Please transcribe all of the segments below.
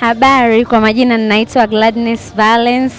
Habari, kwa majina ninaitwa Gladness Valence,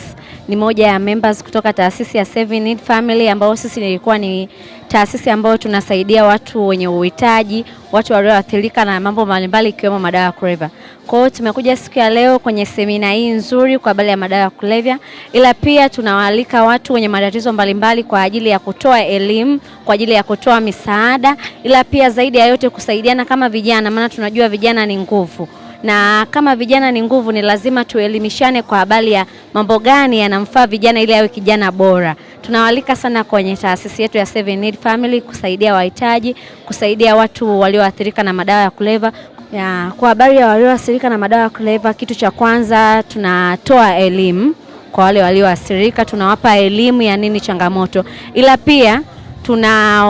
ni moja ya members kutoka taasisi ya Seven Need Family ambao sisi nilikuwa ni taasisi ambayo tunasaidia watu wenye uhitaji, watu walioathirika na mambo mbalimbali ikiwemo madawa ya kulevya. Kwa hiyo tumekuja siku ya leo kwenye semina hii nzuri kwa habari ya madawa ya kulevya, ila pia tunawaalika watu wenye matatizo mbalimbali kwa ajili ya kutoa elimu, kwa ajili ya kutoa misaada, ila pia zaidi ya yote kusaidiana kama vijana, maana tunajua vijana ni nguvu na kama vijana ni nguvu, ni lazima tuelimishane kwa habari ya mambo gani yanamfaa vijana ili awe kijana bora. Tunawalika sana kwenye taasisi yetu ya Seven Need Family kusaidia wahitaji, kusaidia watu walioathirika na madawa ya kuleva. Ya, kwa habari ya walioathirika na madawa ya kuleva, kitu cha kwanza tunatoa elimu kwa wale walioathirika, tunawapa elimu ya nini changamoto, ila pia tuna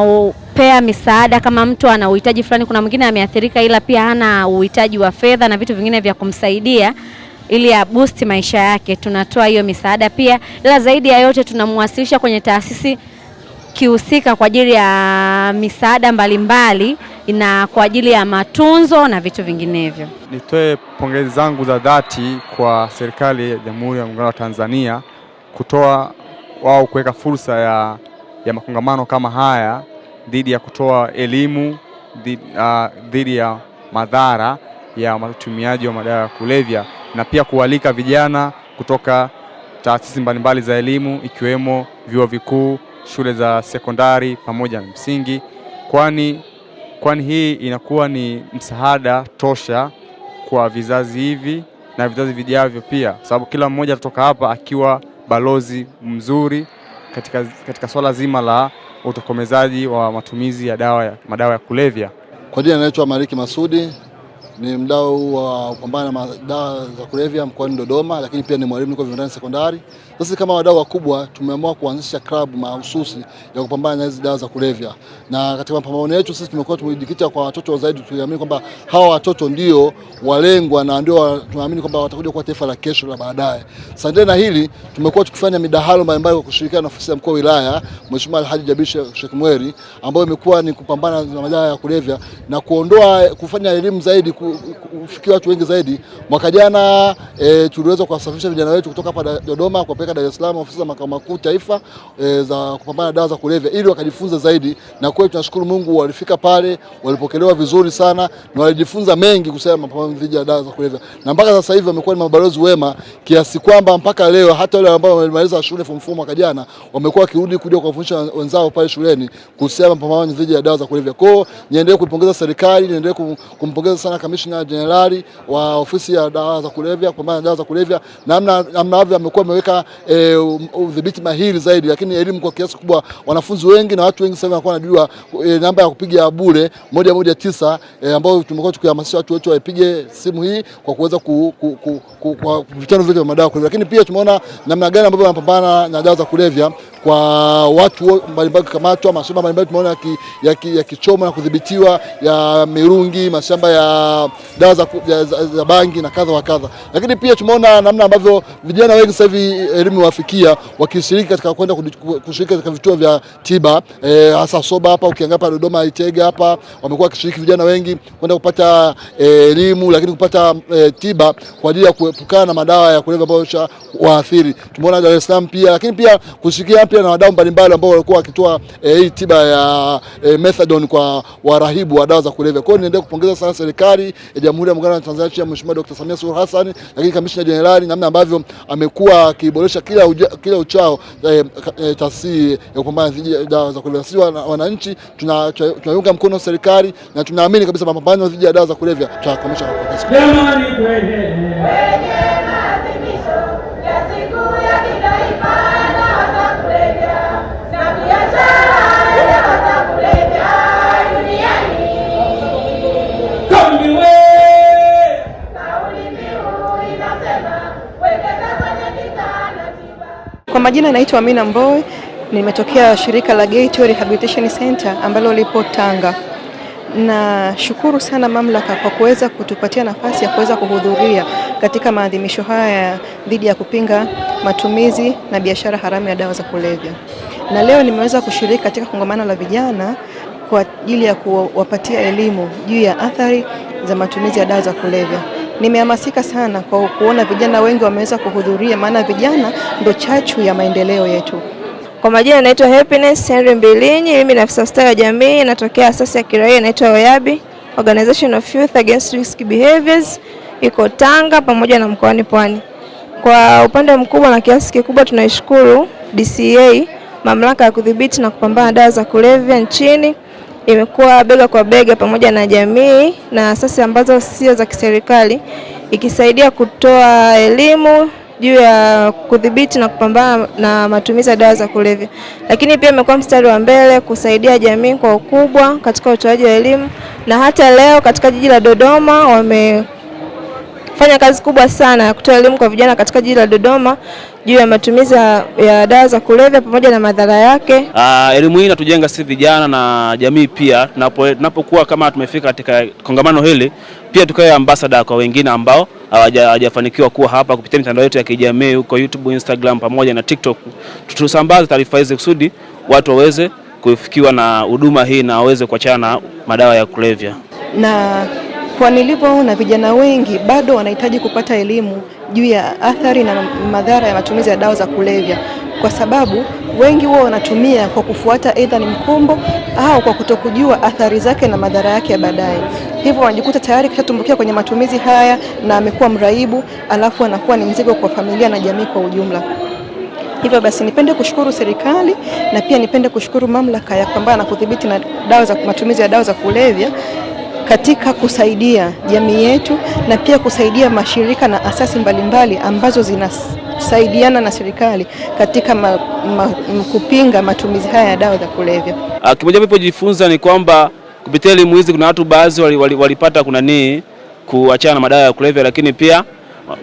kupea misaada kama mtu ana uhitaji fulani. Kuna mwingine ameathirika, ila pia hana uhitaji wa fedha na vitu vingine vya kumsaidia ili ya boost maisha yake, tunatoa hiyo misaada pia, ila zaidi ya yote tunamwasilisha kwenye taasisi kihusika kwa ajili ya misaada mbalimbali na kwa ajili ya matunzo na vitu vinginevyo. Nitoe pongezi zangu za dhati kwa serikali ya Jamhuri ya Muungano wa Tanzania kutoa wao kuweka fursa ya, ya makongamano kama haya dhidi ya kutoa elimu ah, dhidi ya madhara ya matumiaji wa madawa ya kulevya na pia kualika vijana kutoka taasisi mbalimbali za elimu ikiwemo vyuo vikuu, shule za sekondari pamoja na msingi, kwani kwani hii inakuwa ni msaada tosha kwa vizazi hivi na vizazi vijavyo pia, sababu kila mmoja atatoka hapa akiwa balozi mzuri katika, katika swala zima la utokomezaji wa matumizi ya dawa, madawa ya kulevya. Kwa jina naitwa Mariki Masudi ni mdau wa kupambana na madawa za kulevya mkoani Dodoma, lakini pia ni mwalimu, kwa Viwandani Sekondari. Sisi kama wadau wakubwa tumeamua kuanzisha klabu mahususi ya kupambana na hizi dawa za kulevya, na katika mapambano yetu sisi tumekuwa tumejikita kwa watoto zaidi, tukiamini kwamba hawa watoto ndio walengwa na ndio tunaamini kwamba watakuja kuwa taifa la kesho la baadaye. Sasa na hili, tumekuwa tukifanya midahalo mbalimbali kwa kushirikiana na ofisi ya mkuu wa wilaya Mheshimiwa Alhaji Jabir Sheikh Mweri, ambayo imekuwa ni kupambana na madawa ya kulevya na kuondoa kufanya elimu zaidi ku kufikia watu wengi zaidi. Mwaka jana e, tuliweza kuwasafirisha vijana wetu kutoka hapa Dodoma kuwapeleka Dar es Salaam ofisi za makao makuu taifa e, za kupambana dawa za kulevya ili wakajifunze zaidi, na kweli tunashukuru Mungu walifika pale, walipokelewa vizuri sana na walijifunza mengi kusema mapambano dhidi ya dawa za kulevya, na mpaka sasa hivi wamekuwa ni mabalozi wema kiasi kwamba mpaka leo hata wale ambao walimaliza shule form 4 mwaka jana wamekuwa wakirudi kuja kuwafundisha wenzao pale shuleni kusema mapambano dhidi ya dawa za kulevya. Kwa hiyo niendelee kuipongeza serikali, niendelee kumpongeza sana kamishna kamishna jenerali wa ofisi ya dawa za kulevya, kupambana na dawa za kulevya, namna ambavyo amekuwa ameweka e, udhibiti mahiri zaidi, lakini elimu kwa kiasi kubwa, wanafunzi wengi na watu wengi sasa wanakuwa wanajua e, namba ya kupiga bure moja moja tisa e, ambayo tumekuwa tukihamasisha watu wote waipige simu hii kwa kuweza ku, ku, ku, ku, ku, vitendo vyote vya madawa kulevya, lakini pia tumeona namna gani ambavyo wanapambana na dawa za kulevya kwa watu mbalimbali kukamatwa, mashamba mbalimbali tumeona yakichomwa na kudhibitiwa, ya mirungi, mashamba ya dawa za za, bangi na kadha wa kadha. Lakini pia tumeona namna ambavyo vijana wengi sasa hivi eh, elimu wafikia wakishiriki katika kwenda kushiriki katika vituo vya tiba e, hasa Soba hapa, ukiangalia hapa Dodoma Itega hapa wamekuwa wakishiriki vijana wengi kwenda kupata eh, elimu, lakini kupata e, tiba kwa ajili ya kuepukana na madawa ya kulevya ambayo waathiri. Tumeona Dar es Salaam pia, lakini pia kushirikia pia na wadau mbalimbali ambao walikuwa wakitoa e, hii tiba ya e, methadone kwa warahibu wa dawa za kulevya. Kwa hiyo niendelee kupongeza sana serikali ya Jamhuri ya Muungano wa Tanzania chini ya Mheshimiwa Dr. Samia Suluhu Hassan, lakini kamishna jenerali, namna ambavyo amekuwa akiboresha kila, kila uchao e, eh, e, taasisi ya kupambana dhidi ya dawa za kulevya. Sisi wananchi tunaiunga tuna, mkono serikali na tunaamini kabisa mapambano dhidi ya dawa za kulevya tutakomesha. Kwa majina naitwa Amina Mboe, nimetokea shirika la Gateway Rehabilitation Center ambalo lipo Tanga. Nashukuru sana mamlaka kwa kuweza kutupatia nafasi ya kuweza kuhudhuria katika maadhimisho haya dhidi ya kupinga matumizi na biashara haramu ya dawa za kulevya, na leo nimeweza kushiriki katika kongamano la vijana kwa ajili ya kuwapatia elimu juu ya athari za matumizi ya dawa za kulevya nimehamasika sana kwa kuona vijana wengi wameweza kuhudhuria, maana vijana ndo chachu ya maendeleo yetu. Kwa majina naitwa Happiness Henry Mbilinyi, mimi ni afisa ustawi wa jamii, natokea asasi ya kiraia inaitwa OYABI, Organization of Youth Against Risky Behaviors, iko Tanga pamoja na mkoani Pwani. Kwa upande mkubwa na kiasi kikubwa tunaishukuru DCEA, mamlaka ya kudhibiti na kupambana dawa za kulevya nchini imekuwa bega kwa bega pamoja na jamii na asasi ambazo sio za kiserikali, ikisaidia kutoa elimu juu ya kudhibiti na kupambana na matumizi ya dawa za kulevya. Lakini pia imekuwa mstari wa mbele kusaidia jamii kwa ukubwa katika utoaji wa elimu, na hata leo katika jiji la Dodoma wame fanya kazi kubwa sana ya kutoa elimu kwa vijana katika jiji la Dodoma juu ya matumizi ya dawa za kulevya pamoja na madhara yake. Uh, elimu hii inatujenga sisi vijana na jamii pia, tunapokuwa kama tumefika katika kongamano hili pia tukawe ambasada kwa wengine ambao hawajafanikiwa kuwa hapa, kupitia mitandao yetu ya kijamii huko YouTube, Instagram pamoja na TikTok, tutusambaze taarifa hizi kusudi watu waweze kufikiwa na huduma hii na waweze kuachana na madawa ya kulevya na kwa nilivyoona vijana wengi bado wanahitaji kupata elimu juu ya athari na madhara ya matumizi ya dawa za kulevya, kwa sababu wengi wao wanatumia kwa kufuata aidha ni mkumbo au kwa kutokujua athari zake na madhara yake ya baadaye. Hivyo wanajikuta tayari kishatumbukia kwenye matumizi haya na amekuwa mraibu, alafu anakuwa ni mzigo kwa familia na jamii kwa ujumla. Hivyo basi nipende kushukuru serikali na pia nipende kushukuru mamlaka ya kupambana na kudhibiti na dawa za matumizi ya dawa za kulevya katika kusaidia jamii yetu na pia kusaidia mashirika na asasi mbalimbali mbali ambazo zinasaidiana na serikali katika ma, ma, kupinga matumizi haya ya dawa za kulevya. Ah, kimoja jifunza ni kwamba kupitia elimu hizi kuna watu baadhi walipata kuna nini kuachana na madawa ya kulevya, lakini pia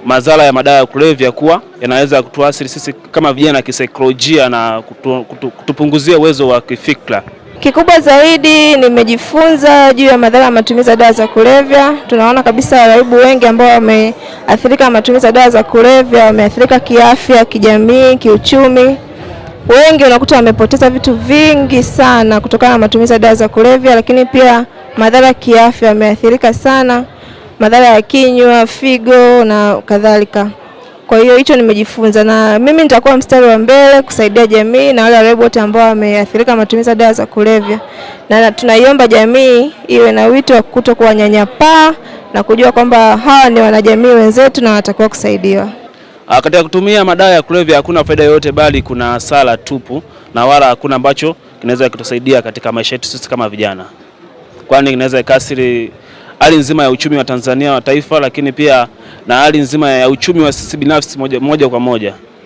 madhara ya madawa ya kulevya kuwa yanaweza kutuathiri sisi kama vijana kisaikolojia na kutu, kutu, kutupunguzia uwezo wa kifikra. Kikubwa zaidi nimejifunza juu ya madhara ya matumizi ya dawa za kulevya. Tunaona kabisa waraibu wengi ambao wameathirika matumizi ya dawa za kulevya wameathirika kiafya, kijamii, kiuchumi. Wengi unakuta wamepoteza vitu vingi sana kutokana na matumizi ya dawa za kulevya, lakini pia madhara kiafya, wameathirika sana, madhara ya kinywa, figo na kadhalika. Kwa hiyo hicho nimejifunza, na mimi nitakuwa mstari wa mbele kusaidia jamii na wale walio wote ambao wameathirika matumizi ya dawa za kulevya, na tunaiomba jamii iwe na wito wa kuto kuwanyanyapaa na kujua kwamba hawa ni wanajamii wenzetu na wanatakiwa kusaidiwa. Ah, katika kutumia madawa ya kulevya hakuna faida yoyote, bali kuna hasara tupu, na wala hakuna ambacho kinaweza kutusaidia katika maisha yetu sisi kama vijana, kwani inaweza ikasiri hali nzima ya uchumi wa Tanzania wa taifa, lakini pia na hali nzima ya uchumi wa sisi binafsi moja, moja kwa moja.